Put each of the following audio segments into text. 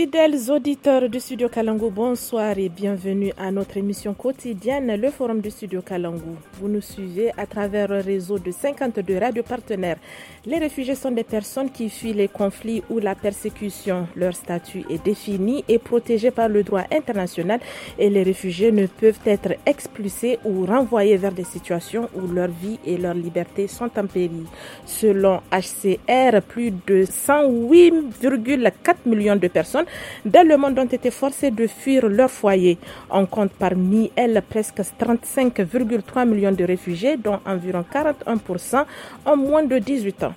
Fidèles auditeurs du Studio Kalangu, bonsoir et bienvenue à notre émission quotidienne, le Forum du Studio Kalangu. Vous nous suivez à travers un réseau de 52 radios partenaires. Les réfugiés sont des personnes qui fuient les conflits ou la persécution. Leur statut est défini et protégé par le droit international et les réfugiés ne peuvent être expulsés ou renvoyés vers des situations où leur vie et leur liberté sont en péril. Selon HCR, plus de 108,4 millions de personnes Dès, le monde ont été forcés de fuir leur foyer. On compte parmi elles presque 35,3 millions de réfugiés, dont environ 41% ont moins de 18 ans.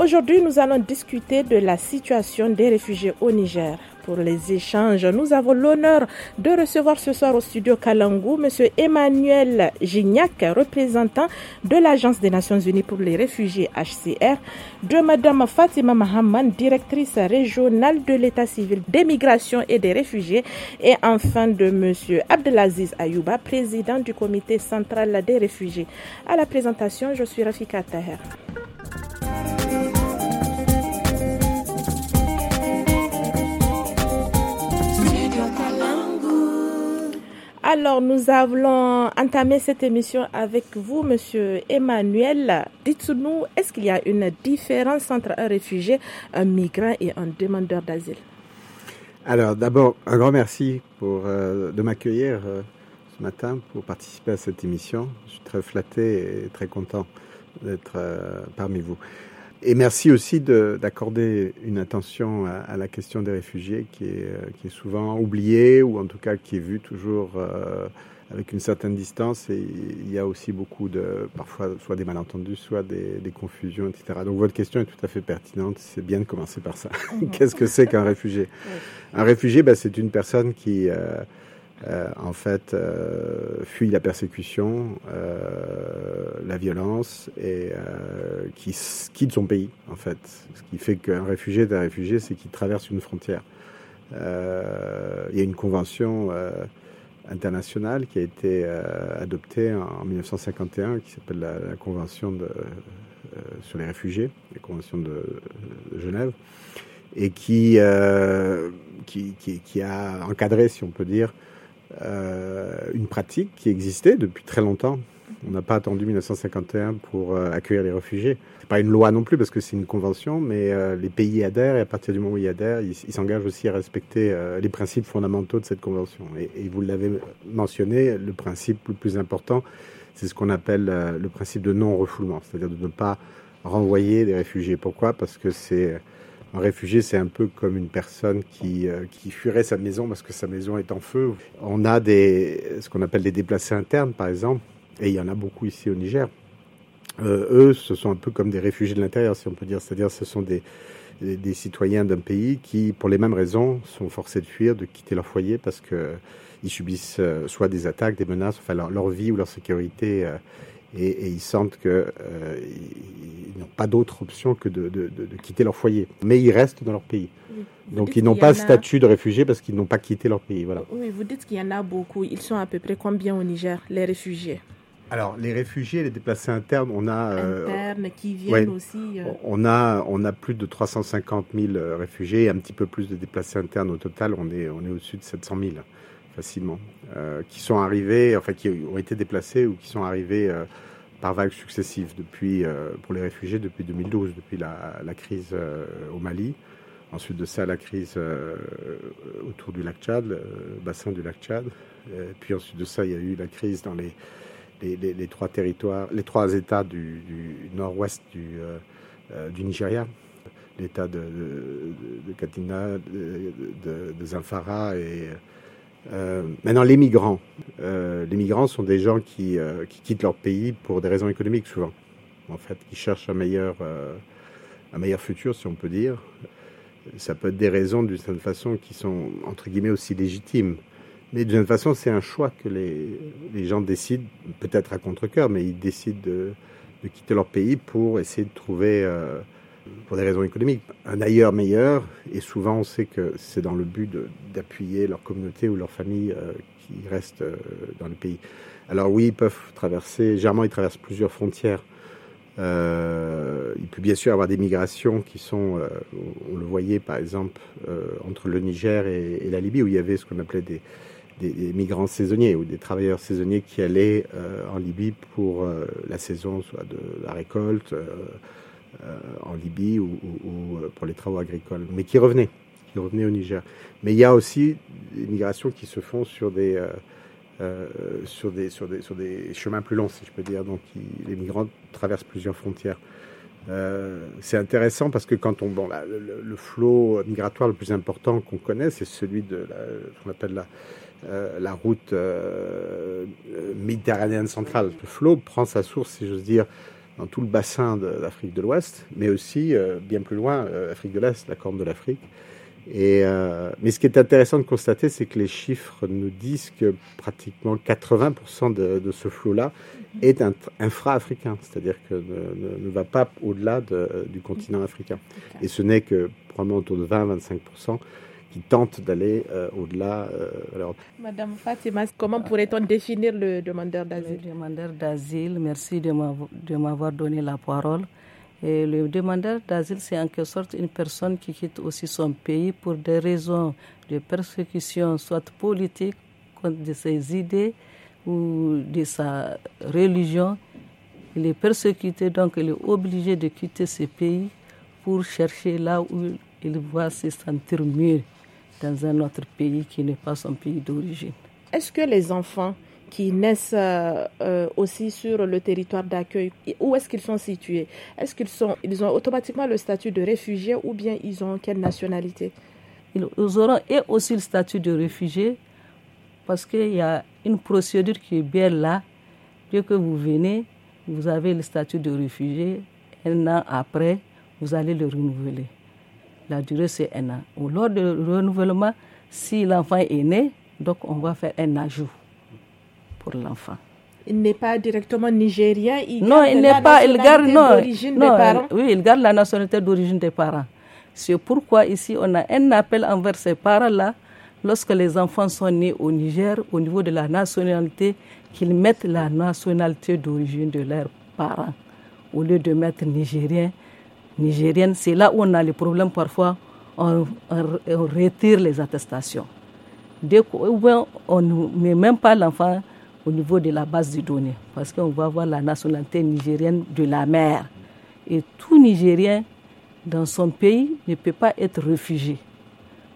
Aujourd'hui, nous allons discuter de la situation des réfugiés au Niger. Pour les échanges, nous avons l'honneur de recevoir ce soir au studio Kalangou M. Emmanuel Gignac, représentant de l'Agence des Nations Unies pour les réfugiés HCR, de Mme Fatima Mahaman, directrice régionale de l'État civil des migrations et des réfugiés, et enfin de M. Abdelaziz Ayouba, président du comité central des réfugiés. À la présentation, je suis Rafika Taher. Alors, nous allons entamer cette émission avec vous, Monsieur Emmanuel. Dites-nous, est-ce qu'il y a une différence entre un réfugié, un migrant et un demandeur d'asile Alors, d'abord, un grand merci euh, de m'accueillir euh, ce matin pour participer à cette émission. Je suis très flatté et très content d'être euh, parmi vous. Et merci aussi d'accorder une attention à, la question des réfugiés qui est, euh, qui est, souvent oubliée ou en tout cas qui est vue toujours euh, avec une certaine distance. Et il y a aussi beaucoup de, parfois, soit des malentendus, soit des, des confusions, etc. Donc votre question est tout à fait pertinente. C'est bien de commencer par ça. Mhm. Qu'est-ce que c'est qu'un réfugié Un réfugié, ben, c'est une personne qui... Euh, euh, en fait, euh, fuit fuient la persécution, euh, la violence et qui quitte son pays, en fait. Ce qui fait qu'un réfugié est un réfugié, c'est qu'il traverse une frontière. il y a une convention internationale qui a été adoptée en, 1951, qui s'appelle la, Convention de, sur les réfugiés, la Convention de, Genève, et qui, qui, a encadré, si on peut dire, euh, une pratique qui existait depuis très longtemps. On n'a pas attendu 1951 pour euh, accueillir les réfugiés. n'est pas une loi non plus parce que c'est une convention, mais euh, les pays y adhèrent et à partir du moment où ils adhèrent, ils s'engagent aussi à respecter les principes fondamentaux de cette convention. et vous l'avez mentionné, le principe le plus important, c'est ce qu'on appelle le principe de non-refoulement, c'est-à-dire de ne pas renvoyer des réfugiés. Pourquoi Parce que c'est un réfugié, c'est un peu comme une personne qui, euh, qui fuirait sa maison parce que sa maison est en feu. On a des, ce qu'on appelle des déplacés internes, par exemple, et il y en a beaucoup ici au Niger. Euh, eux, ce sont un peu comme des réfugiés de l'intérieur, si on peut dire. C'est-à-dire, ce sont des, des, citoyens d'un pays qui, pour les mêmes raisons, sont forcés de fuir, de quitter leur foyer parce que euh, ils subissent soit des attaques, des menaces, enfin leur, leur vie ou leur sécurité et, ils sentent qu'ils euh, n'ont pas d'autre option que de, quitter leur foyer. Mais ils restent dans leur pays. Donc ils n'ont pas statut de réfugiés parce qu'ils n'ont pas quitté leur pays. Voilà. Oui, vous dites qu'il y en a beaucoup. Ils sont à peu près combien au Niger, les réfugiés alors, les réfugiés, les déplacés internes, on a... Euh, internes qui viennent aussi. Euh. On, a, on a plus de 350 000 réfugiés et un petit peu plus de déplacés internes au total. On est, on est au-dessus de 700 000 facilement. Euh, qui sont arrivés, enfin qui ont été déplacés ou qui sont arrivés euh, par vagues successives depuis, euh, pour les réfugiés depuis 2012, depuis la, crise au Mali, ensuite de ça la crise autour du lac Tchad, le bassin du lac Tchad, puis ensuite de ça il y a eu la crise dans les, les, trois territoires, les trois États du, nord-ouest du, Nigeria, l'État de, de, Katina, de, de et euh, maintenant, les migrants. Euh, les migrants sont des gens qui, euh, qui, quittent leur pays pour des raisons économiques, souvent. En fait, qui cherchent un meilleur, un meilleur futur, si on peut dire. Ça peut être des raisons, d'une certaine façon, qui sont, entre guillemets, aussi légitimes. Mais d'une certaine façon, c'est un choix que les, les gens décident, peut-être à contre-coeur, mais ils décident de, de, quitter leur pays pour essayer de trouver pour des raisons économiques. Un ailleurs meilleur, et souvent on sait que c'est dans le but d'appuyer leur communauté ou leur famille euh, qui reste euh, dans le pays. Alors oui, ils peuvent traverser, généralement ils traversent plusieurs frontières. Euh, il peut bien sûr avoir des migrations qui sont, on le voyait par exemple, entre le Niger et, la Libye, où il y avait ce qu'on appelait des, des, des, migrants saisonniers ou des travailleurs saisonniers qui allaient en Libye pour la saison, soit de la récolte euh, en Libye ou, euh, pour les travaux agricoles, mais qui revenaient, qui revenaient au Niger. Mais il y a aussi des migrations qui se font sur des, euh, sur, des, sur, des, sur des chemins plus longs, si je peux dire. Donc les migrants traversent plusieurs frontières. c'est intéressant parce que quand on bon, le, flot migratoire le plus important qu'on connaît, c'est celui de la, ce qu'on appelle la, la route méditerranéenne centrale. Le flot prend sa source, si j'ose dire, dans tout le bassin de l'Afrique de l'Ouest, mais aussi euh, bien plus loin, l'Afrique euh, Afrique de l'Est, la Corne de l'Afrique. Euh, mais ce qui est intéressant de constater, c'est que les chiffres nous disent que pratiquement 80% de, ce flot-là est infra-africain, c'est-à-dire que ne, va pas au-delà du continent africain. Et ce n'est que probablement autour de 20-25% qui tentent d'aller euh, au-delà. Euh, Madame Fatima, comment pourrait-on définir le demandeur d'asile Le demandeur d'asile, merci de m'avoir donné la parole. Et le demandeur d'asile, c'est en quelque sorte une personne qui quitte aussi son pays pour des raisons de persécution, soit politique, contre de ses idées ou de sa religion. Il est persécuté, donc il est obligé de quitter ce pays pour chercher là où il va se sentir mieux dans un autre pays qui n'est pas son pays d'origine. Est-ce que les enfants qui naissent euh, aussi sur le territoire d'accueil, où est-ce qu'ils sont situés Est-ce qu'ils sont, ils ont automatiquement le statut de réfugié ou bien ils ont quelle nationalité Ils auront et aussi le statut de réfugié parce qu'il y a une procédure qui est bien là. Dès que vous venez, vous avez le statut de réfugié. Un an après, vous allez le renouveler. La durée, c'est un an. Ou lors du renouvellement, si l'enfant est né, donc on va faire un ajout pour l'enfant. Il n'est pas directement nigérien. Il non, il n'est pas. Il garde des parents. Oui, il garde la nationalité d'origine des parents. C'est pourquoi ici on a un appel envers ces parents-là lorsque les enfants sont nés au Niger, au niveau de la nationalité, qu'ils mettent la nationalité d'origine de leurs parents au lieu de mettre nigérien nigérienne, c'est là où on a les problèmes parfois, on, retire les attestations. Dès on ne met même pas l'enfant au niveau de la base de données, parce qu'on va avoir la nationalité nigérienne de la mère. Et tout Nigérien dans son pays ne peut pas être réfugié.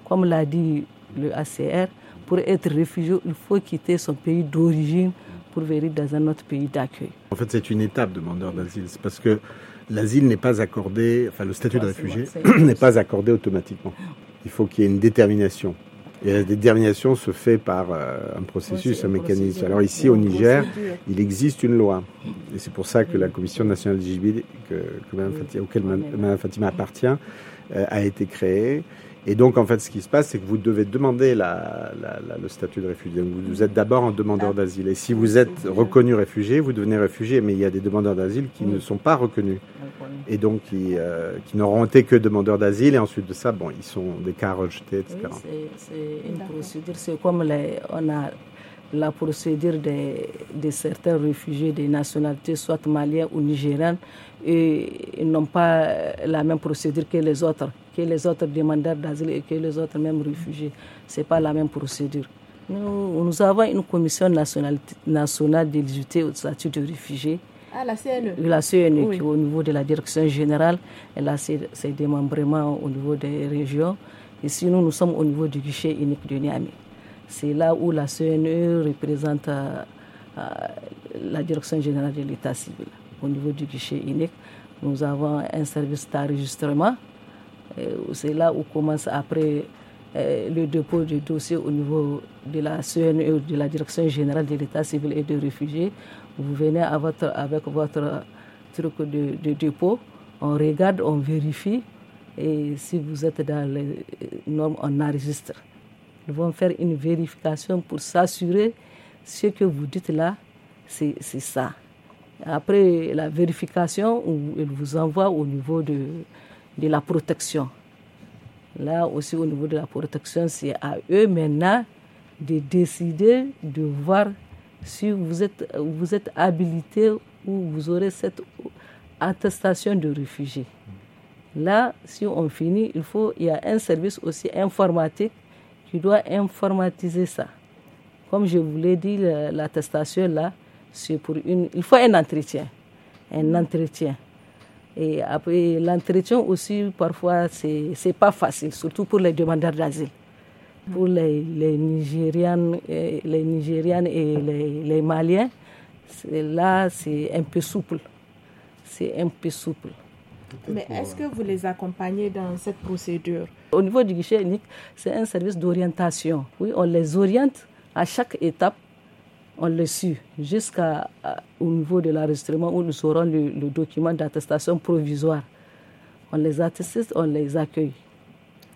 Comme l'a dit le ACR, pour être réfugié, il faut quitter son pays d'origine pour venir dans un autre pays d'accueil. En fait, c'est une étape demandeur d'asile, parce que l'asile n'est pas accordé, enfin le statut de ah, réfugié n'est pas accordé automatiquement. Il faut qu'il y ait une détermination. Et la détermination se fait par euh, un processus, un mécanisme. Alors ici au Niger, il existe une loi. Et c'est pour ça que la Commission nationale du que, auquel Mme Fatima appartient, euh, a été créée. Et donc, en fait, ce qui se passe, c'est que vous devez demander le statut de réfugié. vous, êtes d'abord un demandeur d'asile. Et si vous êtes reconnu réfugié, vous devenez réfugié. Mais il y a des demandeurs d'asile qui ne sont pas reconnus et donc qui, euh, qui n'auront été que demandeurs d'asile, et ensuite de ça, bon, ils sont des cas rejetés, etc. c'est une procédure, c'est comme on a la procédure de, certains réfugiés des nationalités, soit maliens ou nigériens, et ils n'ont pas la même procédure que les autres, que les autres demandeurs d'asile et que les autres mêmes réfugiés. Ce n'est pas la même procédure. Nous, avons une commission nationale, nationale d'éligibilité au statut de réfugié ah, la CNE La CNE, au niveau de la direction générale, elle a ses, démembrements au niveau des régions. Et sinon, nous sommes au niveau du guichet unique de Niamey. C'est là où la CNE représente euh, euh, la direction générale de l'état civil. Au niveau du guichet unique, nous avons un service d'enregistrement. C'est là où commence après euh, le dépôt du dossier au niveau de la CNE, de la Direction générale de l'État civil et de réfugiés. Vous venez à votre, avec votre truc de, dépôt, on regarde, on vérifie, et si vous êtes dans les normes, on enregistre. Nous vont faire une vérification pour s'assurer ce que vous dites là, c'est ça. Après la vérification, ils vous envoient au niveau de, de la protection. Là aussi, au niveau de la protection, c'est à eux maintenant de décider de voir si vous êtes, vous êtes habilité ou vous aurez cette attestation de réfugié. Là, si on finit, il faut, il y a un service aussi informatique qui doit informatiser ça. Comme je vous l'ai dit, l'attestation là, c'est pour une, il faut un entretien, un entretien. Et après l'entretien aussi, parfois, c'est, c'est pas facile, surtout pour les demandeurs d'asile pour les, les euh, et les, Maliens, là, c'est un peu souple. C'est un peu souple. Mais est-ce que vous les accompagnez dans cette procédure Au niveau du guichet unique, c'est un service d'orientation. Oui, on les oriente à chaque étape, on les suit jusqu'au niveau de l'enregistrement où nous aurons le, le document d'attestation provisoire. On les atteste, on les accueille.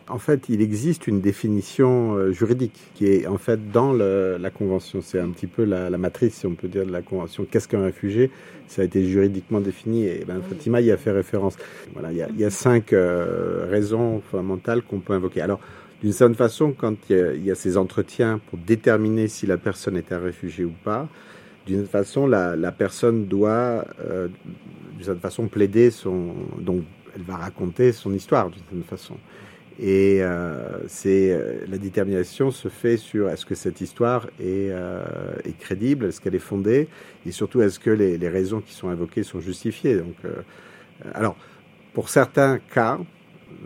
En fait, il existe une définition euh, juridique qui est en fait dans la Convention. C'est un petit peu la, matrice, si on peut dire, de la Convention. Qu'est-ce qu'un réfugié Ça a été juridiquement défini et ben, Fatima y a fait référence. Voilà, il y a, cinq euh, raisons fondamentales qu'on peut invoquer. Alors, d'une certaine façon, quand il y, a, ces entretiens pour déterminer si la personne est un réfugié ou pas, d'une certaine façon, la, personne doit, euh, d'une certaine façon, plaider son... Donc, elle va raconter son histoire, d'une certaine façon. Et euh, c'est euh, la détermination se fait sur est-ce que cette histoire euh, est, crédible, est-ce qu'elle est fondée, et surtout est-ce que les, raisons qui sont invoquées sont justifiées. Donc, alors pour certains cas,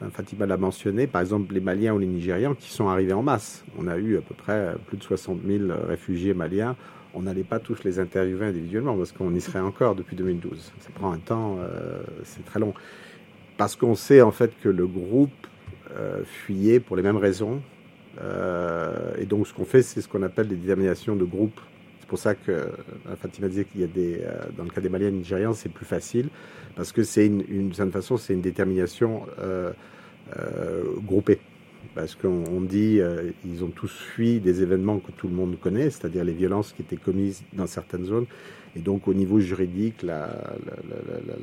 hein, Fatima l'a mentionné, par exemple les Maliens ou les Nigérians qui sont arrivés en masse. On a eu à peu près plus de 60 000 réfugiés maliens. On n'allait pas tous les interviewer individuellement parce qu'on y serait encore depuis 2012. Ça prend un temps, c'est très long parce qu'on sait en fait que le groupe euh, fuyaient pour les mêmes raisons. Euh, et donc, ce qu'on fait, c'est ce qu'on appelle des déterminations de groupe. C'est pour ça que euh, Fatima disait qu'il y a des, dans le cas des Maliens et Nigériens, c'est plus facile parce que c'est une, certaine façon, c'est une détermination groupée parce qu'on dit ils ont tous fui des événements que tout le monde connaît, c'est-à-dire les violences qui étaient commises dans certaines zones et donc au niveau juridique, la,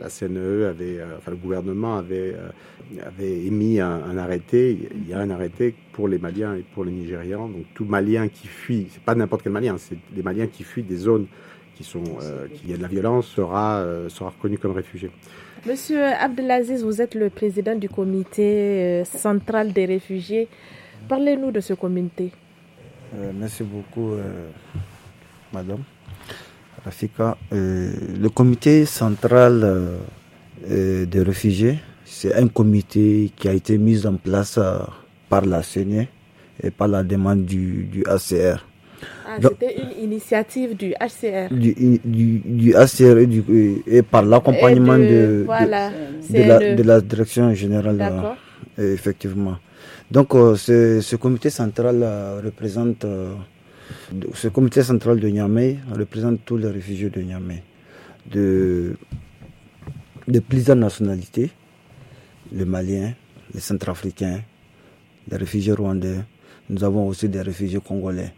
CNE avait, euh, enfin le gouvernement avait, euh, émis un, arrêté. Il y a un arrêté pour les Maliens et pour les Nigérians. Donc tout Malien qui fuit, c'est pas n'importe quel Malien, c'est des Maliens qui fuient des zones qui sont, euh, qui y a de la violence sera, sera reconnu comme réfugié. Monsieur Abdelaziz, vous êtes le président du comité central des réfugiés. Parlez-nous de ce comité. merci beaucoup, madame. Euh, le comité central euh, euh, des réfugiés, c'est un comité qui a été mis en place par la CNE et par la demande du, ACR. Ah, c'était une initiative du HCR. Du, et, par l'accompagnement de, de, la, direction générale. Effectivement. Donc, ce, comité central représente ce comité central de Niamey représente tous les réfugiés de Niamey, de, plusieurs nationalités, les Maliens, les Centrafricains, les réfugiés rwandais, nous avons aussi des réfugiés congolais.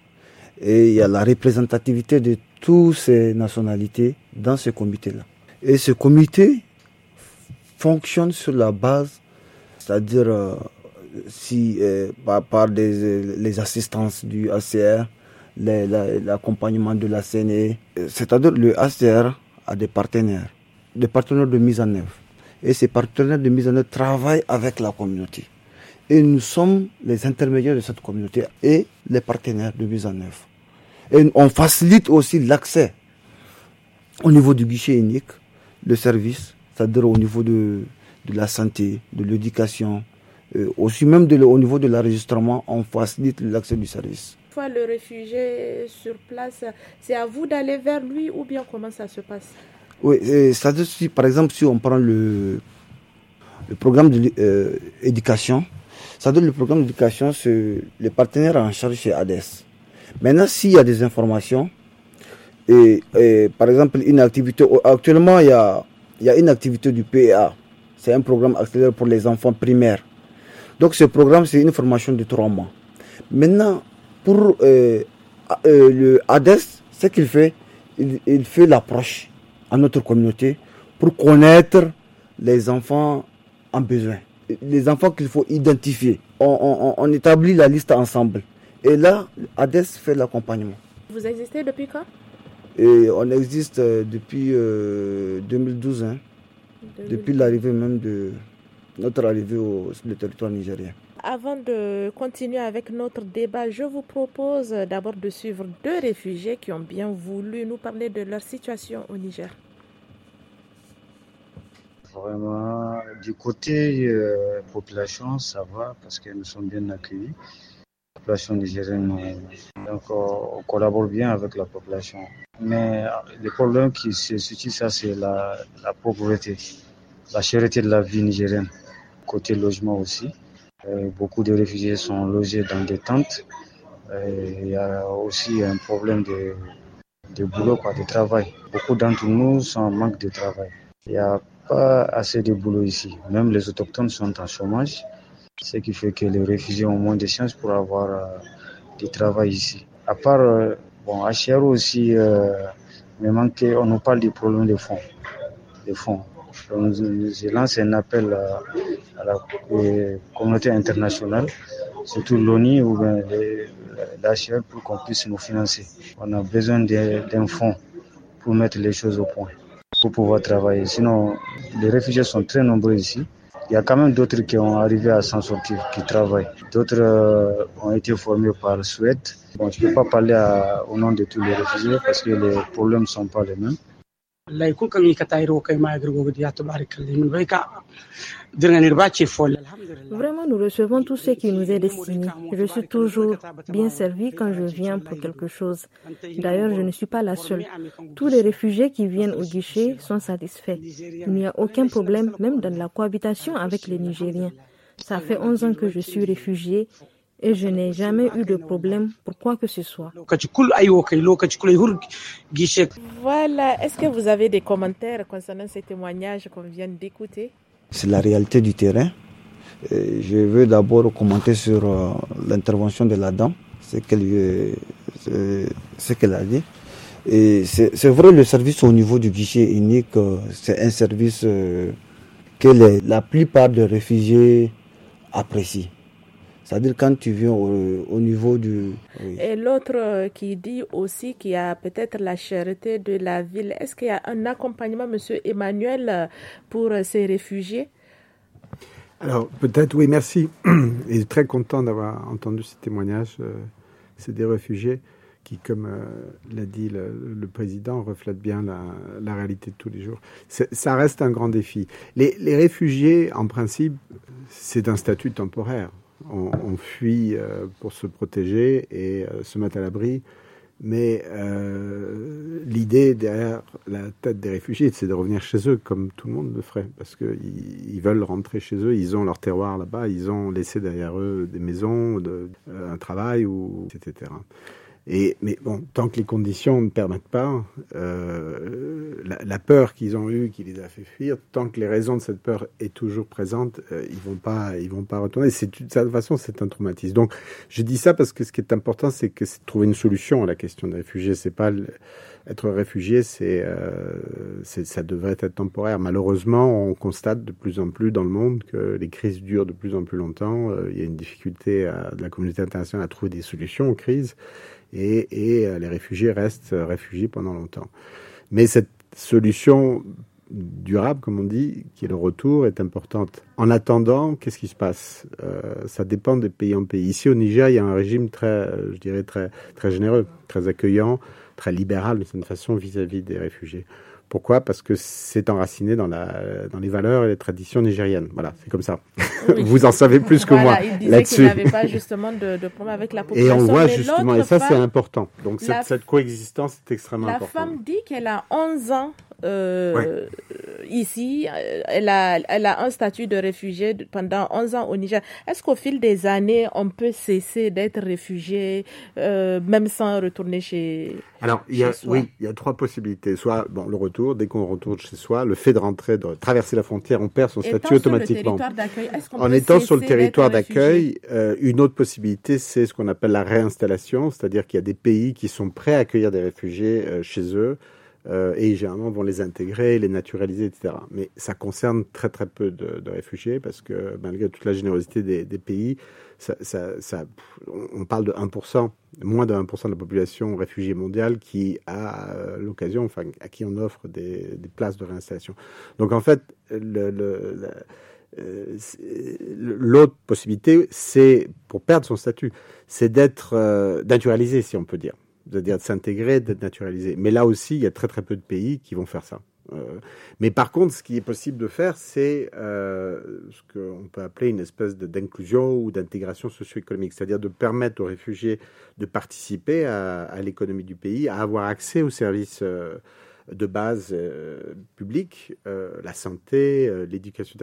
Et il y a la représentativité de toutes ces nationalités dans ce comité-là. Et ce comité fonctionne sur la base, c'est-à-dire euh, si, euh, par, euh, les assistances du ACR, l'accompagnement de la CNE. Euh, c'est-à-dire le ACR a des partenaires, des partenaires de mise en œuvre. Et ces partenaires de mise en œuvre travaillent avec la communauté. Et nous sommes les intermédiaires de cette communauté et les partenaires de mise en œuvre. Et on facilite aussi l'accès au niveau du guichet unique, le service, c'est-à-dire au niveau de, de la santé, de l'éducation, euh, aussi même au niveau de l'enregistrement, on facilite l'accès du service. Une le réfugié sur place, c'est à vous d'aller vers lui ou bien comment ça se passe Oui, euh, ça si, par exemple, si on prend le, le programme d'éducation, euh, ça donne le programme d'éducation, c'est les partenaires en charge chez ADES. Maintenant, s'il y a des informations, et, par exemple, une activité, actuellement, il a, il y a une activité du PEA, c'est un programme accéléré pour les enfants primaires. Donc ce programme, c'est une formation de trois mois. Maintenant, pour euh, euh, le ADES, ce qu'il fait, il, fait l'approche à notre communauté pour connaître les enfants en besoin, les enfants qu'il faut identifier. On, établit la liste ensemble. Et là, ADES fait l'accompagnement. Vous existez depuis quand On existe euh, depuis 2012. Hein. depuis l'arrivée même de, notre arrivée sur le territoire nigérien. Avant de continuer avec notre débat, je vous propose d'abord de suivre deux réfugiés qui ont bien voulu nous parler de leur situation au Niger. Vraiment, du côté euh, population, ça va parce que nous sommes bien accueillis. La population nigérienne, donc euh, on, collabore bien avec la population. Mais euh, le problème qui se situe, ça, c'est la, la pauvreté, la chérité de la vie nigérienne côté logement aussi. Euh, beaucoup de réfugiés sont logés dans des tentes. Euh, il y a aussi un problème de, de boulot, quoi, de travail. Beaucoup d'entre nous sont en manque de travail. Il n'y a pas assez de boulot ici. Même les autochtones sont en chômage, ce qui fait que les réfugiés ont moins de chances pour avoir euh, du travail ici. À part, bon, à aussi, manque, on nous parle du problème des fonds. De fonds. je lance un appel à la communauté internationale, surtout l'ONU ou bien e pour qu'on puisse nous financer. On a besoin d'un fonds pour mettre les choses au point, pour pouvoir travailler. Sinon, les réfugiés sont très nombreux ici. Il y a quand même d'autres qui ont arrivé à s'en sortir, qui travaillent. D'autres euh, ont été formés par Suède. Bon, je ne peux pas parler au nom de tous les réfugiés parce que les problèmes ne sont pas les mêmes. Vraiment, nous recevons tout ce qui nous est destiné. Je suis toujours bien servi quand je viens pour quelque chose. D'ailleurs, je ne suis pas la seule. Tous les réfugiés qui viennent au guichet sont satisfaits. Il n'y a aucun problème, même dans la cohabitation avec les Nigériens. Ça fait 11 ans que je suis réfugiée et je n'ai jamais eu de problème pour quoi que ce soit. Voilà, est-ce que vous avez des commentaires concernant ces témoignages qu'on vient d'écouter C'est la réalité du terrain. je veux d'abord commenter sur euh, l'intervention de la dame, ce qu'elle a dit. Et C'est vrai, le service au niveau du guichet unique, euh, c'est un service euh, que la plupart des réfugiés apprécient c'est-à-dire quand tu viens au, niveau du... Et l'autre euh, qui dit aussi qu'il y a peut-être la charité de la ville, est-ce qu'il y a un accompagnement, Monsieur Emmanuel, pour euh, ces réfugiés Alors peut-être oui, merci. Je suis très content d'avoir entendu ce témoignage. Euh, c'est des réfugiés qui, comme l'a dit le, président, reflète bien la, réalité de tous les jours. Ça reste un grand défi. Les, les réfugiés, en principe, c'est d'un statut temporaire. On fuit euh, pour se protéger et euh, se mettre à l'abri. Mais euh, l'idée derrière la tête des réfugiés, c'est de revenir chez eux comme tout le monde le ferait, parce qu'ils veulent rentrer chez eux, ils ont leur terroir là-bas, ils ont laissé derrière eux des maisons, de, un travail, ou, etc. Et, mais bon, tant que les conditions ne permettent pas, euh, la, peur qu'ils ont eue qui les a fait fuir, tant que les raisons de cette peur est toujours présente, euh, ils vont pas, ils vont pas retourner. C'est de toute façon, c'est un traumatisme. Donc, je dis ça parce que ce qui est important, c'est que de trouver une solution à la question des réfugiés. C'est pas être réfugié, c'est, euh, ça devrait être temporaire. Malheureusement, on constate de plus en plus dans le monde que les crises durent de plus en plus longtemps. Euh, il y a une difficulté à, de la communauté internationale à trouver des solutions aux crises et, euh, les réfugiés restent euh, réfugiés pendant longtemps. Mais cette solution durable, comme on dit, qui est le retour, est importante. En attendant, qu'est-ce qui se passe euh, Ça dépend des pays en pays. Ici, au Niger, il y a un régime très, je très, généreux, très accueillant, très libéral, d'une certaine façon, vis à -vis des réfugiés. Pourquoi Parce que c'est enraciné dans, la, dans les valeurs et les traditions nigériennes. Voilà, c'est comme ça. Vous en savez plus que moi là-dessus. Il n'avait pas justement de, problème avec la population. Et on voit justement, et ça c'est important. Donc cette, coexistence est extrêmement importante. La femme dit qu'elle a 11 ans euh, ici. Euh, elle a, elle a un statut de réfugié pendant 11 ans au Niger. Est-ce qu'au fil des années, on peut cesser d'être réfugié, euh, même sans retourner chez, Alors, il y a, oui, il y a trois possibilités. Soit bon, le retour, dès qu'on retourne chez soi, le fait de rentrer, de traverser la frontière, on perd son statut automatiquement. En étant sur le territoire d'accueil, une autre possibilité, c'est ce qu'on appelle la réinstallation, c'est-à-dire qu'il y a des pays qui sont prêts à accueillir des réfugiés chez eux. Euh, et généralement vont les intégrer, les naturaliser, etc. Mais ça concerne très très peu de, réfugiés parce que malgré toute la générosité des, pays, ça, on parle de 1%, moins de 1% de la population réfugiée mondiale qui a euh, l'occasion, enfin à qui on offre des, places de réinstallation. Donc en fait, le, euh, l'autre possibilité, c'est pour perdre son statut, c'est d'être naturalisé, si on peut dire c'est-à-dire de s'intégrer, d'être naturalisé. Mais là aussi, il y a très très peu de pays qui vont faire ça. Euh, mais par contre, ce qui est possible de faire, c'est euh, ce qu'on peut appeler une espèce d'inclusion ou d'intégration socio-économique, c'est-à-dire de permettre aux réfugiés de participer à, l'économie du pays, à avoir accès aux services euh, de base publics, la santé, l'éducation.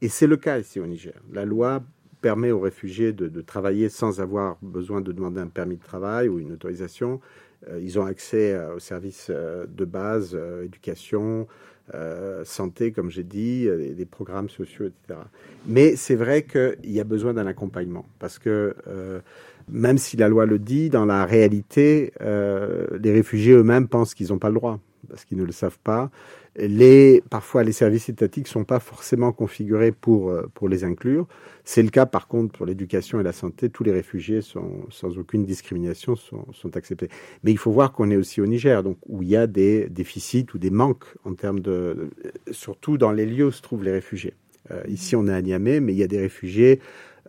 Et c'est le cas ici au Niger. La loi permet aux réfugiés de, travailler sans avoir besoin de demander un permis de travail ou une autorisation. Euh, ils ont accès euh, aux services euh, de base, éducation, santé, comme j'ai dit, des programmes sociaux, etc. Mais c'est vrai qu'il y a besoin d'un accompagnement, parce que même si la loi le dit, dans la réalité, les réfugiés eux-mêmes pensent qu'ils n'ont pas le droit, parce qu'ils ne le savent pas les, parfois les services étatiques sont pas forcément configurés pour, euh, pour les inclure. C'est le cas par contre pour l'éducation et la santé. Tous les réfugiés sont, sans aucune discrimination sont, sont acceptés. Mais il faut voir qu'on est aussi au Niger, donc où il y a des déficits ou des manques en termes de, euh, surtout dans les lieux où se trouvent les réfugiés. Euh, ici on est à Niamey, mais il y a des réfugiés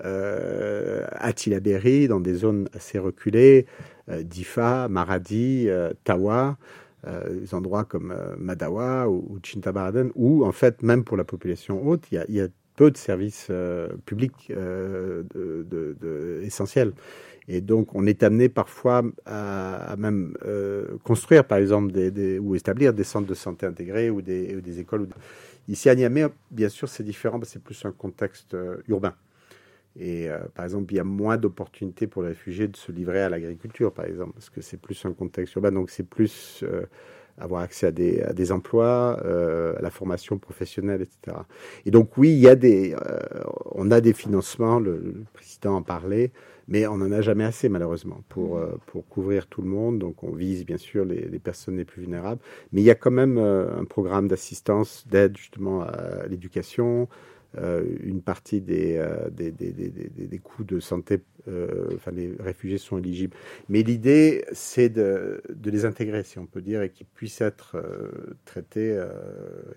euh, à Tilaberi, dans des zones assez reculées, Difa, Maradi, Tawa. Euh, des endroits comme euh, Madawa ou, ou où en fait, même pour la population haute, il y a, peu de services euh, publics de, essentiels. Et donc, on est amené parfois à, même construire, par exemple, ou établir des centres de santé intégrés ou des, des écoles. Ici, à Niamey, bien sûr, c'est différent, c'est plus un contexte urbain. Et euh, par exemple, il y a moins d'opportunités pour les réfugiés de se livrer à l'agriculture, par exemple, parce que c'est plus un contexte urbain, donc c'est plus euh, avoir accès à des, à des emplois, euh, à la formation professionnelle, etc. Et donc oui, il y a des, euh, on a des financements, le, président en parlait, mais on n'en a jamais assez malheureusement pour, mmh. pour couvrir tout le monde. Donc on vise bien sûr les, les personnes les plus vulnérables, mais il y a quand même un programme d'assistance, d'aide justement à l'éducation, euh, une partie euh, des, des, coûts de santé, euh, enfin, les réfugiés sont éligibles. Mais l'idée, c'est de, les intégrer, si on peut dire, et qu'ils puissent être traités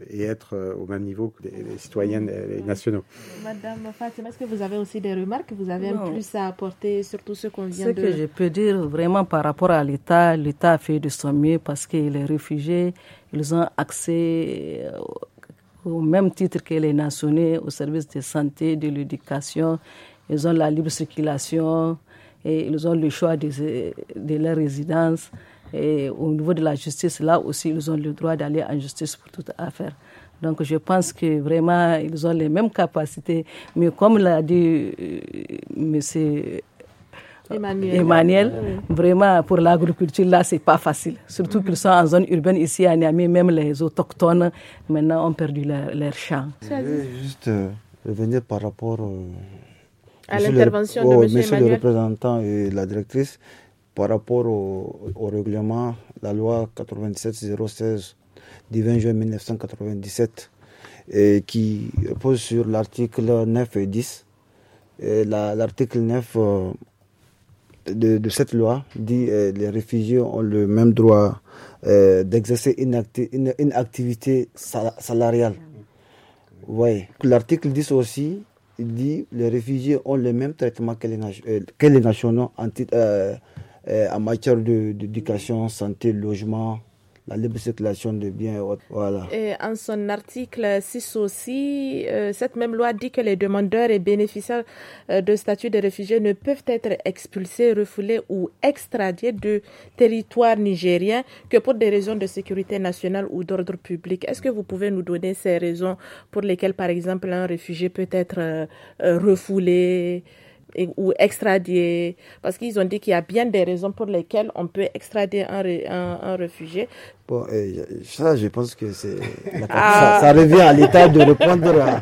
et être au même niveau que les, citoyens et les nationaux. Madame Fatima, est-ce que vous avez aussi des remarques Vous avez un plus à apporter, surtout ce qu'on vient de... Ce que je peux dire vraiment par rapport à l'État, l'État a fait de son mieux parce que les réfugiés, ils ont accès au même titre que les nationaux, au service de santé, de l'éducation. Ils ont la libre circulation et ils ont le choix de, leur résidence. Et au niveau de la justice, là aussi, ils ont le droit d'aller en justice pour toute affaire. Donc je pense que vraiment, ils ont les mêmes capacités. Mais comme l'a dit euh, M. Emmanuel. Vraiment, pour l'agriculture, là, c'est pas facile. Surtout qu'ils sont en zone urbaine ici à Niamey, même les autochtones, maintenant, ont perdu leurs leur champs. juste euh, revenir par rapport euh, à l'intervention de oh, monsieur, le représentant et la directrice par rapport au, règlement, la loi 97-016 du 20 juin 1997, et qui pose sur l'article 9 et 10. L'article 9 de, cette loi dit que euh, les réfugiés ont le même droit euh, d'exercer une, activité salariale. L'article 10 aussi dit que les réfugiés ont le même traitement que les, euh, les nationaux en matière d'éducation, santé, logement, la libre circulation de biens et autres. Voilà. Et en son article 6 aussi, euh, cette même loi dit que les demandeurs et bénéficiaires euh, de statut de réfugiés ne peuvent être expulsés, refoulés ou extradiés du territoire nigérien que pour des raisons de sécurité nationale ou d'ordre public. Est-ce que vous pouvez nous donner ces raisons pour lesquelles, par exemple, un réfugié peut être euh, refoulé ou extradier, parce qu'ils ont dit qu'il y a bien des raisons pour lesquelles on peut extrader un, un, un réfugié. Bon, ça, je pense que c'est ah. ça, revient à l'État de répondre à,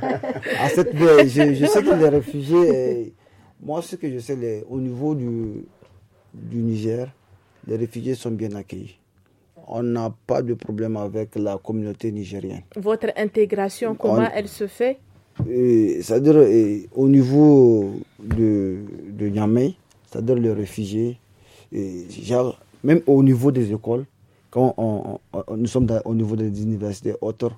à cette. Je, je, sais que les réfugiés, moi, ce que je sais, au niveau du, du Niger, les réfugiés sont bien accueillis on n'a pas de problème avec la communauté nigérienne. Votre intégration, comment elle se fait c'est-à-dire au niveau de, de c'est-à-dire les réfugiés, et, même au niveau des écoles, quand nous sommes au niveau des universités autres,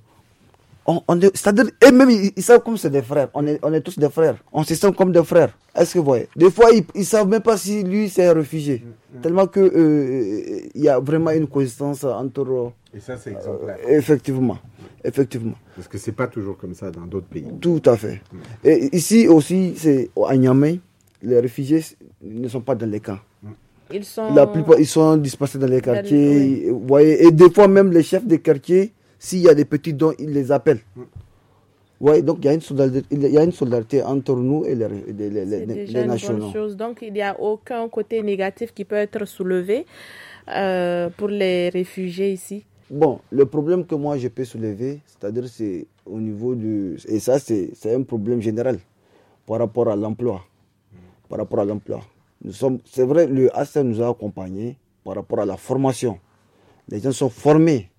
on, c'est-à-dire, eux-mêmes, ils, savent comme c'est des frères. On est, tous des frères. On se sent comme des frères. Est-ce que vous voyez Des fois, ils, ne savent même pas si lui, c'est un réfugié. Mm, mm. Tellement qu'il euh, euh, y a vraiment une coexistence entre et ça, c'est exemplaire. Euh, effectivement. Effectivement. Parce que ce n'est pas toujours comme ça dans d'autres pays. Tout à fait. Mm. Et ici aussi, c'est à Niamey, les réfugiés ne sont pas dans les camps. Mm. Ils sont... La plupart, ils sont dispersés dans les quartiers. et des fois, même les chefs des quartiers, s'il y a des petits dons, ils les appellent. Mm. donc il y, a une solidarité entre nous et les, les, nationaux. Donc il n'y a aucun côté négatif qui peut être soulevé euh, pour les réfugiés ici. Bon, le problème que moi je peux soulever, c'est-à-dire c'est au niveau du... Et ça, c'est un problème général par rapport à l'emploi. Par rapport à l'emploi. Nous sommes, c'est vrai, le ACR e nous a accompagnés par rapport à la formation. Les gens sont formés.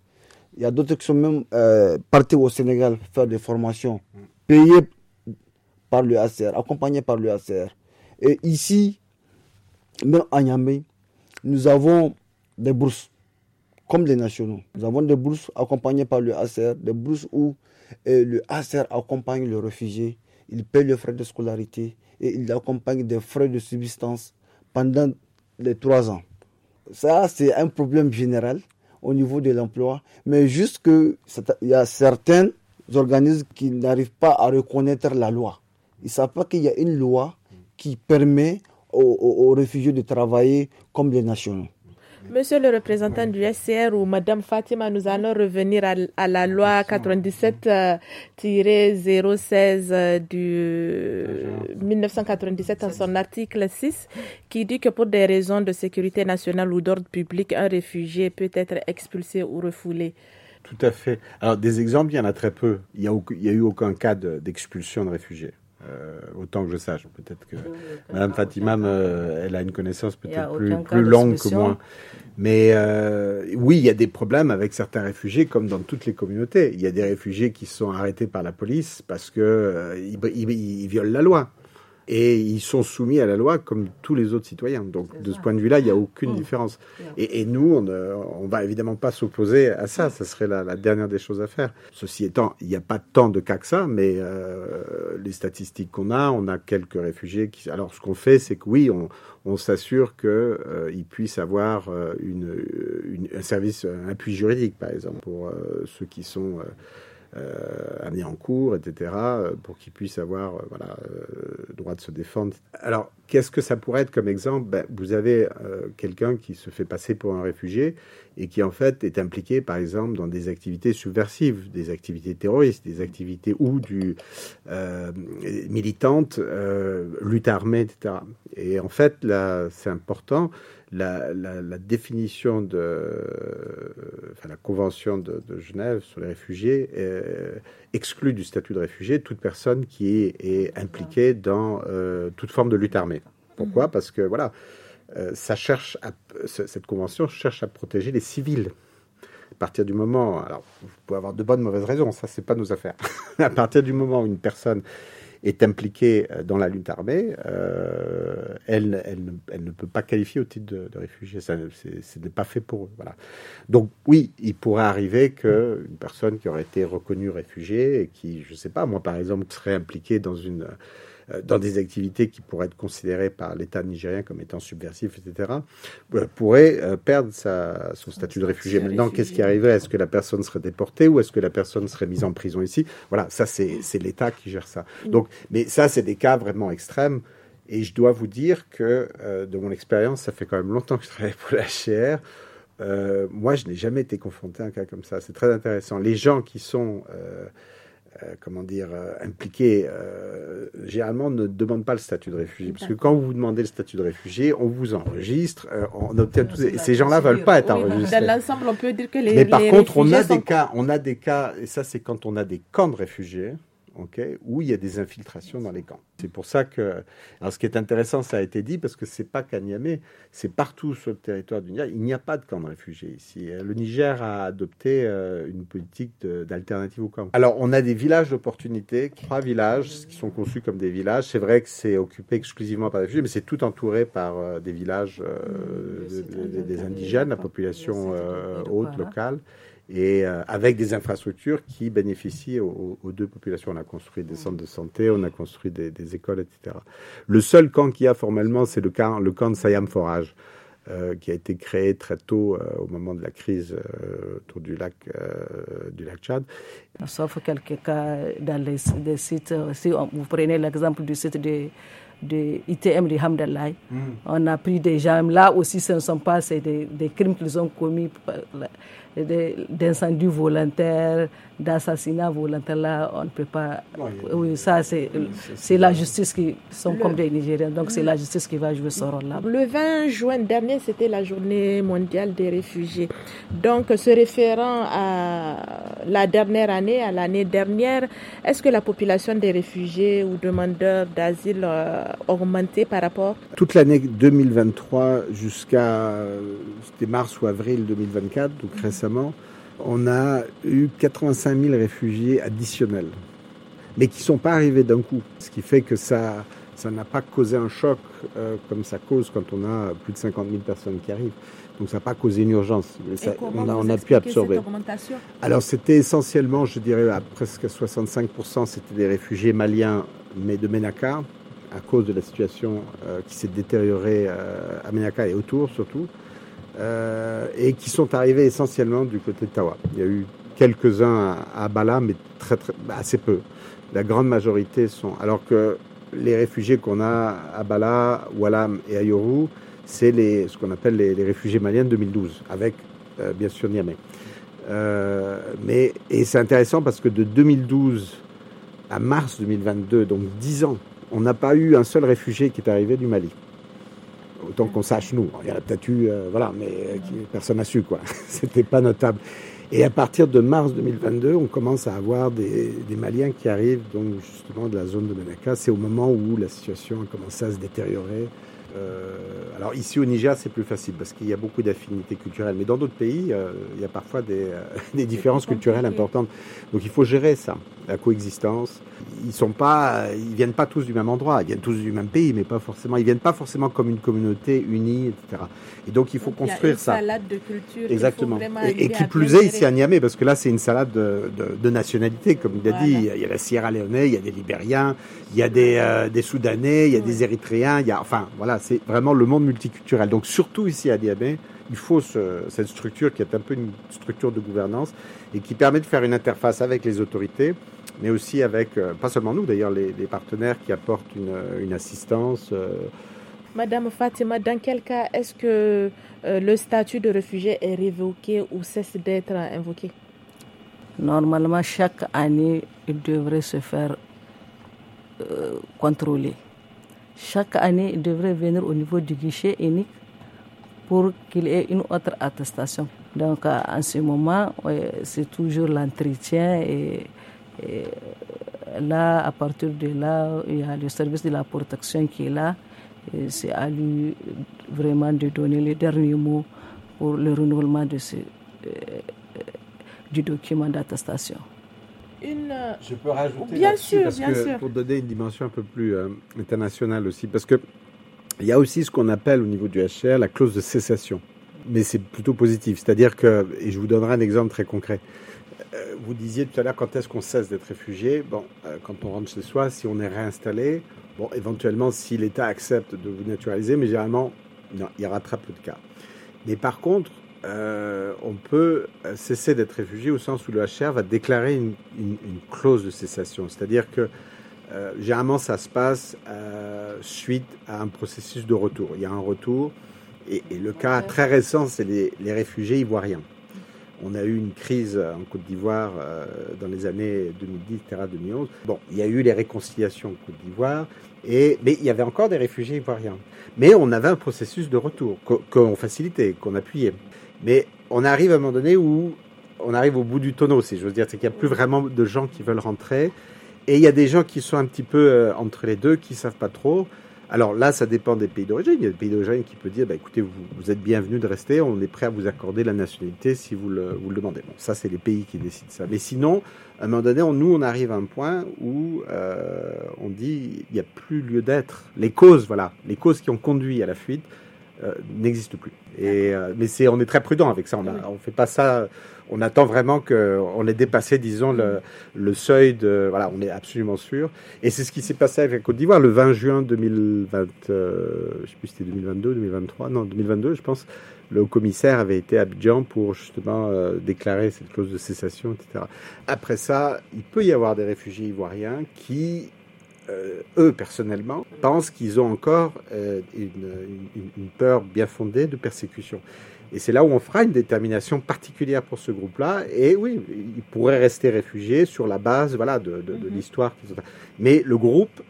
Il y a d'autres qui sont même euh, partis au Sénégal faire des formations, payées par le ACR, e accompagnés par le ACR. E et ici, même à Niamey, nous avons des bourses comme les nationaux. Nous avons des bourses accompagnées par le ACR, des bourses où euh, le ACR accompagne le réfugié, il paye les frais de scolarité et il accompagne des frais de subsistance pendant les trois ans. Ça, c'est un problème général au niveau de l'emploi, mais juste qu'il y a certains organismes qui n'arrivent pas à reconnaître la loi. Ils ne savent pas qu'il y a une loi qui permet aux réfugiés de travailler comme les nationaux. Monsieur le représentant du SCR ou Madame Fatima, nous allons revenir à, la loi 97-016 euh, euh, du 1997 en son article 6 qui dit que pour des raisons de sécurité nationale ou d'ordre public, un réfugié peut être expulsé ou refoulé. Tout à fait. Alors des exemples, il y en a très peu. Il n'y a, eu aucun cas d'expulsion de réfugiés. Euh, autant que je sache, peut-être que Madame Fatima, elle a une connaissance peut-être plus, longue que moi. Mais euh, oui, il y a des problèmes avec certains réfugiés, comme dans toutes les communautés. Il y a des réfugiés qui sont arrêtés par la police parce que euh, ils violent la loi et ils sont soumis à la loi comme tous les autres citoyens. Donc de ce point de vue-là, il n'y a mm. aucune mm. différence. Et, et nous, on ne euh, on va évidemment pas s'opposer à ça, ça serait la, la, dernière des choses à faire. Ceci étant, il n'y a pas tant de cas que ça, mais euh, les statistiques qu'on a, on a quelques réfugiés qui... Alors ce qu'on fait, c'est que oui, on, on s'assure qu'ils euh, puissent avoir euh, une, un service, un appui juridique, par exemple, pour ceux qui sont amené euh, en cours, etc., euh, pour qu'il puisse avoir euh, voilà, droit de se défendre. Alors, qu'est-ce que ça pourrait être comme exemple ben, Vous avez quelqu'un qui se fait passer pour un réfugié et qui, en fait, est impliqué, par exemple, dans des activités subversives, des activités terroristes, des activités ou du militante, lutte armée, etc. Et en fait, là, c'est important la, définition de la Convention de, Genève sur les réfugiés euh, exclut du statut de réfugié toute personne qui est, impliquée dans euh, toute forme de lutte armée. Pourquoi mhm. Parce que voilà, euh, ça cherche cette convention cherche à protéger les civils. À partir du moment, alors vous pouvez avoir de bonnes, de mauvaises raisons, ça c'est pas nos affaires. à partir du moment où une personne est impliquée euh, dans la lutte armée, euh, elle, ne, peut pas qualifier au titre de, de réfugié. Ça, ce n'est pas fait pour eux. Voilà. Donc oui, il pourrait arriver qu'une personne qui aurait été reconnue réfugiée et qui, je ne sais pas, moi par exemple, serait impliquée dans une euh, dans des activités qui pourraient être considérées par l'État nigérien comme étant subversives, etc., euh, pourrait euh, perdre son statut de réfugié. Maintenant, qu'est-ce qui arriverait Est-ce que la personne serait déportée ou est-ce que la personne serait mise en prison ici Voilà, ça, c'est l'État qui gère ça. Donc, mais ça, c'est des cas vraiment extrêmes. Et je dois vous dire que, de mon expérience, ça fait quand même longtemps que je travaille pour la HR. moi, je n'ai jamais été confronté à un cas comme ça. C'est très intéressant. Les gens qui sont euh, comment dire, impliqué euh, impliqués, euh, généralement ne demandent pas le statut de réfugié. Parce que quand vous demandez le statut de réfugié, on vous enregistre, on obtient ah, tous ces gens-là veulent pas être enregistrés. Dans l'ensemble, on peut dire que les. Mais par contre, on a des cas, on a des cas, et ça c'est quand on a des camps de réfugiés où il y a des infiltrations dans les camps. C'est pour ça que, alors ce qui est intéressant, ça a été dit, parce que c'est pas qu'à Niamey, c'est partout sur le territoire du Niger. Il n'y a pas de camp de réfugiés ici. Le Niger a adopté euh, une politique d'alternative aux camps. Alors on a des villages d'opportunité, trois villages qui sont conçus comme des villages. C'est vrai que c'est occupé exclusivement par des réfugiés, mais c'est tout entouré par euh, des villages euh, des, indigènes, la population haute locale et euh, avec des infrastructures qui bénéficient aux, deux populations. On a construit des centres de santé, on a construit des, écoles, etc. Le seul camp qu'il y a formellement, c'est le camp, le camp de Sayam Forage, euh, qui a été créé très tôt euh, au moment de la crise autour du lac, du lac Tchad. Sauf quelques cas dans les, sites, si vous prenez l'exemple du site de de de Hamdallah. Hmm. On a pris des gens. Là aussi, ce ne sont pas des, des crimes qu'ils ont commis d'incendie volontaires, d'assassinats volontaire, là, on ne peut pas. Oh, oui, ça, c'est mm, la justice qui sont comme des Nigériens. Donc, c'est la justice qui va jouer ce rôle-là. Le 20 juin dernier, c'était la journée mondiale des réfugiés. Donc, se référant à la dernière année, à l'année dernière, est-ce que la population des réfugiés ou demandeurs d'asile euh, a augmenté par rapport Toute l'année 2023 jusqu'à euh, C'était mars ou avril 2024, donc mm-hmm. récemment, on a eu 85 000 réfugiés additionnels, mais qui ne sont pas arrivés d'un coup, ce qui fait que ça ça n'a pas causé un choc euh, comme ça cause quand on a plus de 50 000 personnes qui arrivent. Donc ça n'a pas causé une urgence. Mais on a, pu absorber. Alors c'était essentiellement, je dirais, à presque 65%, c'était des réfugiés maliens, mais de Ménaka, à cause de la situation euh, qui s'est détériorée euh, à Ménaka et autour surtout. Euh, et qui sont arrivés essentiellement du côté de Tawa. Il y a eu quelques-uns à, Bala, mais très, très, bah, assez peu. La grande majorité sont. Alors que les réfugiés qu'on a à Bala, Walam et à c'est les, ce qu'on appelle les, les, réfugiés maliens 2012, avec euh, bien sûr Niamey. Euh, mais, et c'est intéressant parce que de 2012 à mars 2022, donc 10 ans, on n'a pas eu un seul réfugié qui est arrivé du Mali autant qu'on sache nous. Il y a la statue, euh, voilà, mais euh, personne n'a su quoi. C'était pas notable. Et à partir de mars 2022, on commence à avoir des, Maliens qui arrivent donc justement de la zone de Menaka. C'est au moment où la situation a commencé à se détériorer. Euh, alors ici au Niger, c'est plus facile parce qu'il y a beaucoup d'affinités culturelles, mais dans d'autres pays, il y a parfois des différences culturelles importantes. Donc il faut gérer ça, la coexistence, ils sont pas, ils viennent pas tous du même endroit, ils viennent tous du même pays, mais pas forcément, ils viennent pas forcément comme une communauté unie, etc. Et donc il faut construire il y une ça. Salade de culture. Exactement. Et, qui plus est ici à Niamey, parce que là c'est une salade de, nationalité. comme il a dit. Il y a la Sierra Leone, il y a des Libériens, il y a des, euh, Soudanais, il y a des Érythréens, il enfin voilà, c'est vraiment le monde multiculturel. Donc surtout ici à Niamey il faut cette structure qui est un peu une structure de gouvernance et qui permet de faire une interface avec les autorités, mais aussi avec, euh, pas seulement nous d'ailleurs, les, partenaires qui apportent une, assistance. Euh. Madame Fatima, dans quel cas est-ce que euh, le statut de réfugié est révoqué ou cesse d'être invoqué Normalement, chaque année, il devrait se faire contrôler. Chaque année, il devrait venir au niveau du guichet unique pour qu'il ait une autre attestation. Donc en ce moment, c'est toujours l'entretien et, là, à partir de là, il y a le service de la protection qui est là. C'est à lui vraiment de donner les derniers mots pour le renouvellement de ce, euh, du document d'attestation. Je peux rajouter bien sûr, parce que, pour donner une dimension un peu plus euh, internationale aussi, parce que il y a aussi ce qu'on appelle au niveau du HR la clause de cessation. Mais c'est plutôt positif. C'est-à-dire que, et je vous donnerai un exemple très concret. Euh, vous disiez tout à l'heure quand est-ce qu'on cesse d'être réfugié Bon, euh, quand on rentre chez soi, si on est réinstallé, bon, éventuellement si l'État accepte de vous naturaliser, mais généralement, non, il peu de cas. Mais par contre, euh, on peut cesser d'être réfugié au sens où le HR va déclarer une clause de cessation. C'est-à-dire que euh, généralement, ça se passe euh, suite à un processus de retour. Il y a un retour, et, le cas très récent, c'est les, réfugiés ivoiriens. On a eu une crise en Côte d'Ivoire euh, dans les années 2010, 2011. Bon, il y a eu les réconciliations en Côte d'Ivoire, et, mais il y avait encore des réfugiés ivoiriens. Mais on avait un processus de retour qu'on facilitait, qu'on appuyait. Mais on arrive à un moment donné où on arrive au bout du tonneau, si veux dire. C'est qu'il n'y a plus vraiment de gens qui veulent rentrer. Et il y a des gens qui sont un petit peu euh, entre les deux, qui ne savent pas trop. Alors là, ça dépend des pays d'origine. Il y a des pays d'origine qui peuvent dire, bah, écoutez, vous, êtes bienvenus de rester, on est prêt à vous accorder la nationalité si vous le, vous le demandez. Bon, ça, c'est les pays qui décident ça. Mais sinon, à un moment donné, nous, on arrive à un point où euh, on dit, il n'y a plus lieu d'être. Les causes, voilà, les causes qui ont conduit à la fuite, euh, n'existe plus. Et, euh, mais c'est, on est très prudent avec ça. On ah ne fait pas ça. On attend vraiment qu'on ait dépassé, disons, le, seuil de. Voilà, on est absolument sûr. Et c'est ce qui s'est passé avec la Côte d'Ivoire le 20 juin 2020. Euh, je sais plus c'était 2022, 2023. Non, 2022, je pense. Le haut commissaire avait été à Abidjan pour justement déclarer cette clause de cessation, etc. Après ça, il peut y avoir des réfugiés ivoiriens qui euh, eux personnellement, pensent qu'ils ont encore euh, une, peur bien fondée de persécution. Et c'est là où on fera une détermination particulière pour ce groupe-là. Et oui, ils pourraient rester réfugiés sur la base voilà, de, mhm. l'histoire. Mais le groupe,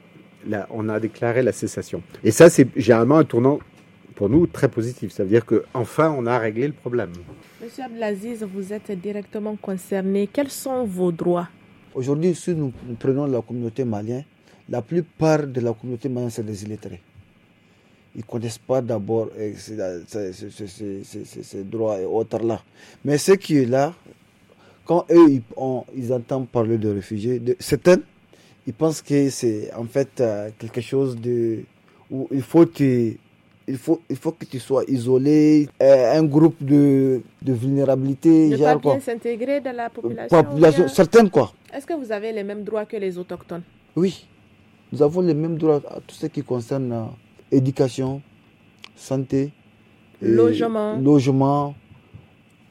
on a déclaré la cessation. Et ça, c'est généralement un tournant pour nous très positif. Ça veut dire qu'enfin, on a réglé le problème. Monsieur Abdelaziz, vous êtes directement concerné. Quels sont vos droits Aujourd'hui, si nous prenons la communauté malienne, la plupart de la communauté maintenant, c'est des illettrés. Ils ne connaissent pas d'abord eh, ces droits et autres-là. Mais ce qui est là, quand eux, ils, entendent parler de réfugiés, de, certains, ils pensent que c'est en fait euh, quelque chose de... où il faut que il faut, il faut que tu sois isolé, euh, un groupe de, de vulnérabilité. Ne pas bien s'intégrer dans la population. Certains, certaines quoi. Est-ce que vous avez les mêmes droits que les autochtones Oui. Nous avons les mêmes droits à tout ce qui concerne euh, éducation, santé, logement. logement.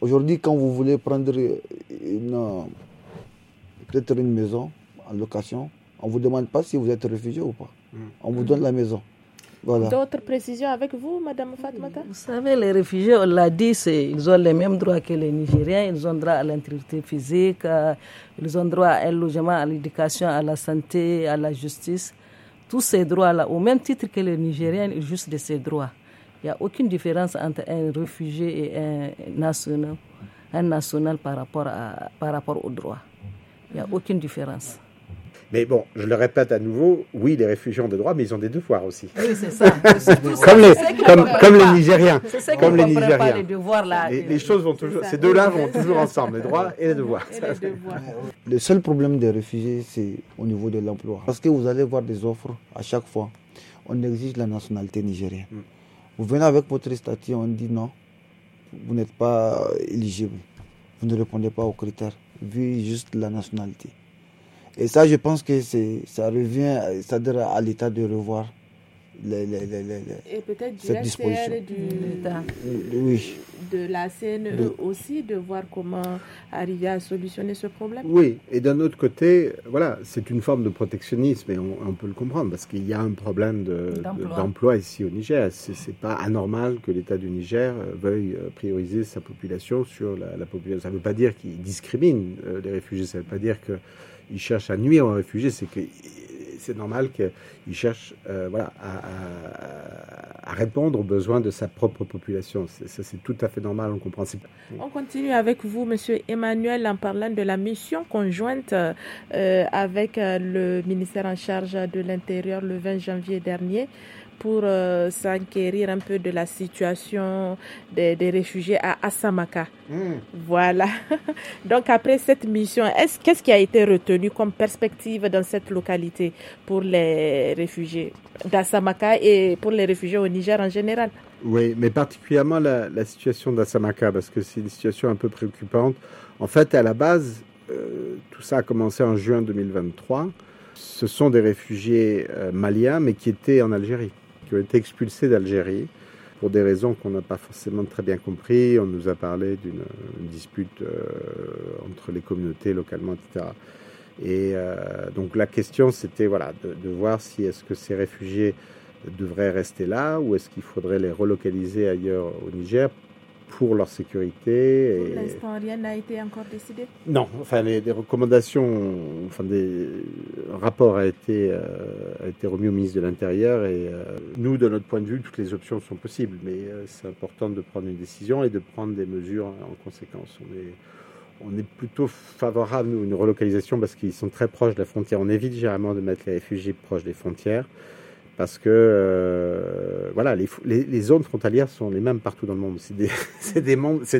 Aujourd'hui, quand vous voulez prendre euh, une, euh, peut-être une maison en location, on ne vous demande pas si vous êtes réfugié ou pas. Mm. On vous donne la maison. D'autres précisions avec vous, Madame Fatmata Vous savez, les réfugiés, on l'a dit, ils ont les mêmes droits que les Nigériens. Ils ont droit à l'intégrité physique, euh, ils ont droit à un logement, à l'éducation, à la santé, à la justice. Tous ces droits-là, au même titre que les Nigériens, ils jouissent de ces droits. Il n'y a aucune différence entre un réfugié et un national, un national par rapport, à, par rapport aux droits. Il n'y a aucune différence. Mais bon, je le répète à nouveau, oui, les réfugiés ont des droits, mais ils ont des devoirs aussi. Oui, c'est ça. comme les, comme, les Nigériens. comme les Nigériens. les, devoirs, là, ces deux-là vont toujours ensemble, les droits et les devoirs. Le seul problème des réfugiés, c'est au niveau de l'emploi. Parce que vous allez voir des offres à chaque fois. On exige la nationalité nigérienne. Mm. Vous venez avec votre statut, on dit non, vous n'êtes pas éligible. Vous ne répondez pas aux critères, vu juste la nationalité. Et ça, je pense que ça revient -à, -dire à l'État de revoir les, et peut-être disposition. Du, de la CNE aussi, de voir comment arriver à solutionner ce problème. Oui, et d'un autre côté, voilà, c'est une forme de protectionnisme et on, peut le comprendre parce qu'il y a un problème d'emploi ici au Niger. C'est pas anormal que l'État du Niger euh, veuille euh, prioriser sa population sur la, la population. Ça ne veut pas dire qu'il discrimine euh, les réfugiés, ça ne veut pas dire que il cherche à nuire aux réfugiés, c'est que c'est normal qu'il cherche euh, voilà, à, répondre aux besoins de sa propre population. Ça, c'est tout à fait normal, on comprend. On continue avec vous, Monsieur Emmanuel, en parlant de la mission conjointe euh, avec euh, le ministère en charge de l'Intérieur le 20 janvier dernier pour euh, s'enquérir un peu de la situation des, réfugiés à Assamaka. Hmm. Voilà. Donc après cette mission, est qu'est-ce qui a été retenu comme perspective dans cette localité pour les réfugiés d'Assamaka et pour les réfugiés au Niger en général Oui, mais particulièrement la, situation d'Assamaka parce que c'est une situation un peu préoccupante. En fait, à la base, euh, tout ça a commencé en juin 2023. Ce sont des réfugiés euh, maliens, mais qui étaient en Algérie qui ont été expulsés d'Algérie pour des raisons qu'on n'a pas forcément très bien compris. On nous a parlé d'une dispute euh, entre les communautés localement, etc. Et euh, donc la question, c'était voilà, de, voir si est-ce que ces réfugiés devraient rester là ou est-ce qu'il faudrait les relocaliser ailleurs au Niger pour leur sécurité. Pour l'instant, rien n'a été encore décidé Non, enfin, les, recommandations, enfin, des rapports a été, euh, a été remis au ministre de l'Intérieur et euh, nous, de notre point de vue, toutes les options sont possibles, mais euh, c'est important de prendre une décision et de prendre des mesures en conséquence. On est, on est plutôt favorable, à une relocalisation parce qu'ils sont très proches de la frontière. On évite généralement de mettre les réfugiés proches des frontières parce que euh, voilà, les, zones frontalières sont les mêmes partout dans le monde. C'est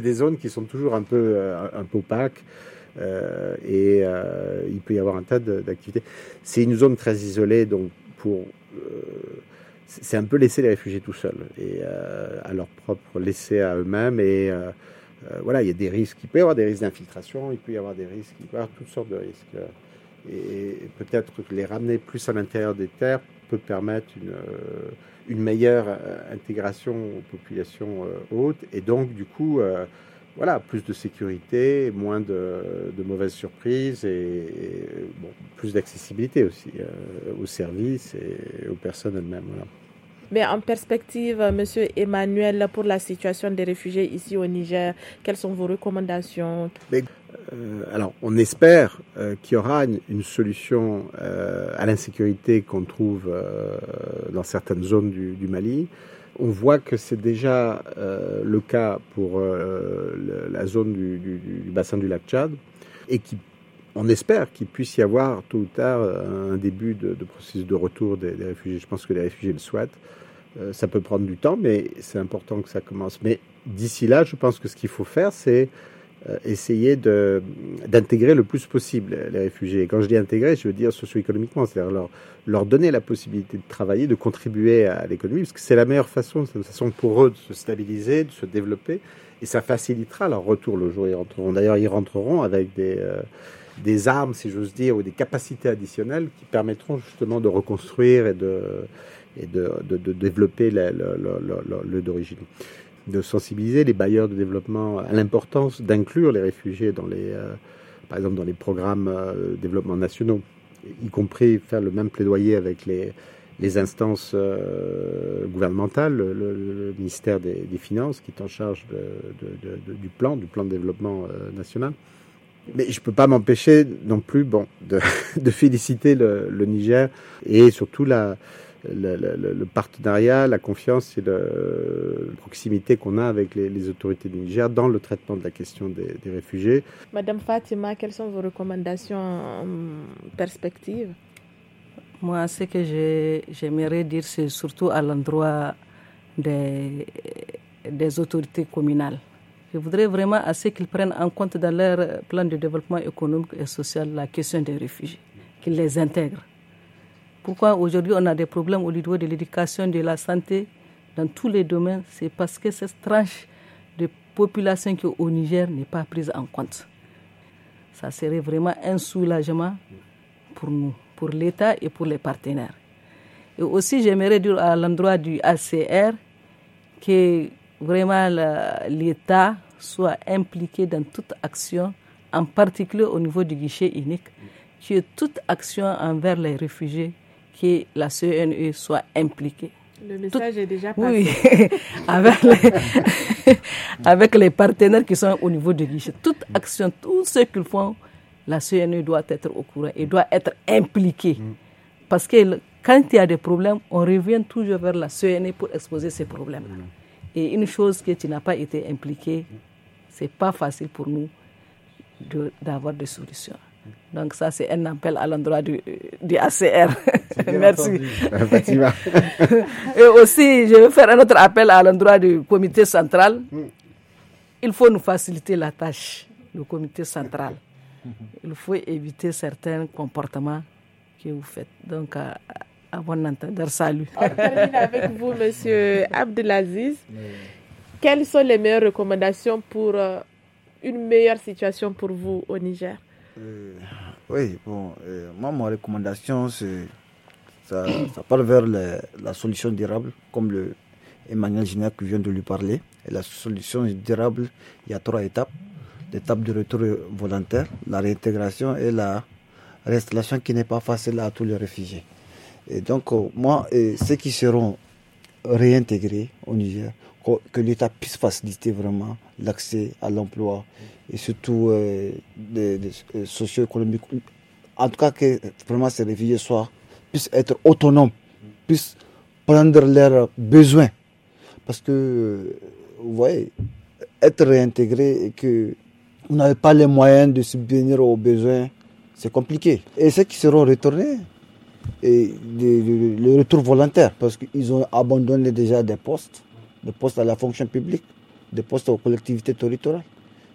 des, zones qui sont toujours un peu, euh, opaques. Euh, et il peut y avoir un tas d'activités. C'est une zone très isolée, donc pour c'est un peu laisser les réfugiés tout seuls et à leur propre laisser à eux-mêmes. Et voilà, il y a des risques. Il peut y avoir des risques d'infiltration. Il peut y avoir des risques. Il y avoir toutes sortes de risques. et peut-être les ramener plus à l'intérieur des terres peut permettre une, euh, une meilleure euh, intégration aux populations euh, hautes et donc du coup voilà, plus de sécurité, moins de, de mauvaises surprises et, plus d'accessibilité aussi aux services et aux personnes elles-mêmes. Mais en perspective, Monsieur Emmanuel, pour la situation des réfugiés ici au Niger, quelles sont vos recommandations euh, alors, on espère euh, qu'il y aura une, solution euh, à l'insécurité qu'on trouve dans certaines zones du, Mali. On voit que c'est déjà le cas pour la zone du, bassin du lac Tchad et on espère qu'il puisse y avoir tôt ou tard un début de, processus de retour des, réfugiés. Je pense que les réfugiés le souhaitent. ça peut prendre du temps, mais c'est important que ça commence. Mais d'ici là, je pense que ce qu'il faut faire, c'est euh, essayer de d'intégrer le plus possible les réfugiés. Et quand je dis intégrer, je veux dire socio-économiquement, c'est-à-dire leur, leur donner la possibilité de travailler, de contribuer à l'économie, parce que c'est la meilleure façon, c'est une façon pour eux de se stabiliser, de se développer, et ça facilitera leur retour le jour où ils rentreront. D'ailleurs, ils rentreront avec des, euh, des armes, si j'ose dire, ou des capacités additionnelles qui permettront justement de reconstruire et de, et de, de, de développer le, le d'origine de sensibiliser les bailleurs de développement à l'importance d'inclure les réfugiés dans les, euh, par exemple dans les programmes de euh, développement nationaux, y compris faire le même plaidoyer avec les, les instances euh, gouvernementales, le, ministère des, Finances qui est en charge du plan, du plan de développement national. Mais je ne peux pas m'empêcher non plus bon, de, féliciter le, le Niger et surtout la, le, partenariat, la confiance et la euh, proximité qu'on a avec les, autorités du Niger dans le traitement de la question des, réfugiés. Madame Fatima, quelles sont vos recommandations en perspective Moi, ce que j'aimerais dire, c'est surtout à l'endroit des, des autorités communales. Je voudrais vraiment assez qu'ils prennent en compte dans leur plan de développement économique et social la question des réfugiés, qu'ils les intègrent pourquoi aujourd'hui on a des problèmes au niveau de l'éducation, de la santé, dans tous les domaines C'est parce que cette tranche de population qui au Niger n'est pas prise en compte. Ça serait vraiment un soulagement pour nous, pour l'État et pour les partenaires. Et aussi, j'aimerais dire à l'endroit du ACR que vraiment l'État soit impliqué dans toute action, en particulier au niveau du guichet unique, que toute action envers les réfugiés que la CNE soit impliquée. Le message est déjà passé. Oui, avec, les, partenaires qui sont au niveau de guichet. Toute action, tout ce qu'ils font, la CNE doit être au courant et doit être impliquée. Mm. Parce que quand il y a des problèmes, on revient toujours vers la CNE pour exposer ces problèmes-là. Mm. Et une chose que tu n'as pas été ce c'est pas facile pour nous d'avoir des solutions. Donc ça, c'est un appel à l'endroit du, ACR. Merci. Et aussi, je vais faire un autre appel à l'endroit du comité central. Mm. Il faut nous faciliter la tâche, le comité central. Il faut éviter certains comportements que vous faites. Donc, à, d'entendre entendeur, salut. On termine avec vous, Monsieur Abdelaziz. Quelles sont les meilleures recommandations pour euh, une meilleure situation pour vous au Niger euh, oui, bon, euh, moi, ma recommandation, c'est ça, ça parle vers la, solution durable, comme le Emmanuel Gignac vient de lui parler. la solution durable, il y a trois étapes. L'étape de retour volontaire, la réintégration et la restauration qui n'est pas facile à tous les réfugiés. Et donc, euh, moi, et ceux qui seront réintégrer au Niger, que, l'État puisse faciliter vraiment l'accès à l'emploi et surtout euh, des, euh, socio-économique. En tout cas, que vraiment ces réfugiés soient, puissent être autonomes, puissent prendre leurs besoins. Parce que, euh, vous voyez, être réintégré et que vous n'avez pas les moyens de subvenir aux besoins, c'est compliqué. Et ceux qui seront retournés, et le retour volontaire parce qu'ils ont abandonné déjà des postes, des postes à la fonction publique, des postes aux collectivités territoriales.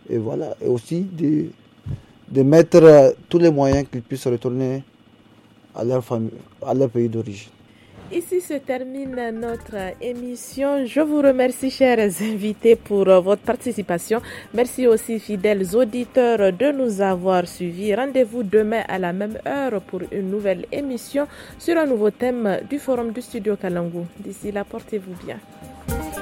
Et voilà, et aussi de, mettre euh, tous les moyens qu'ils puissent retourner à à leur pays d'origine. Ici se termine notre émission. Je vous remercie, chers invités, pour euh, votre participation. Merci aussi, fidèles auditeurs, de nous avoir suivis. Rendez-vous demain à la même heure pour une nouvelle émission sur un nouveau thème du Forum du Studio Kalangu. D'ici là, portez-vous bien.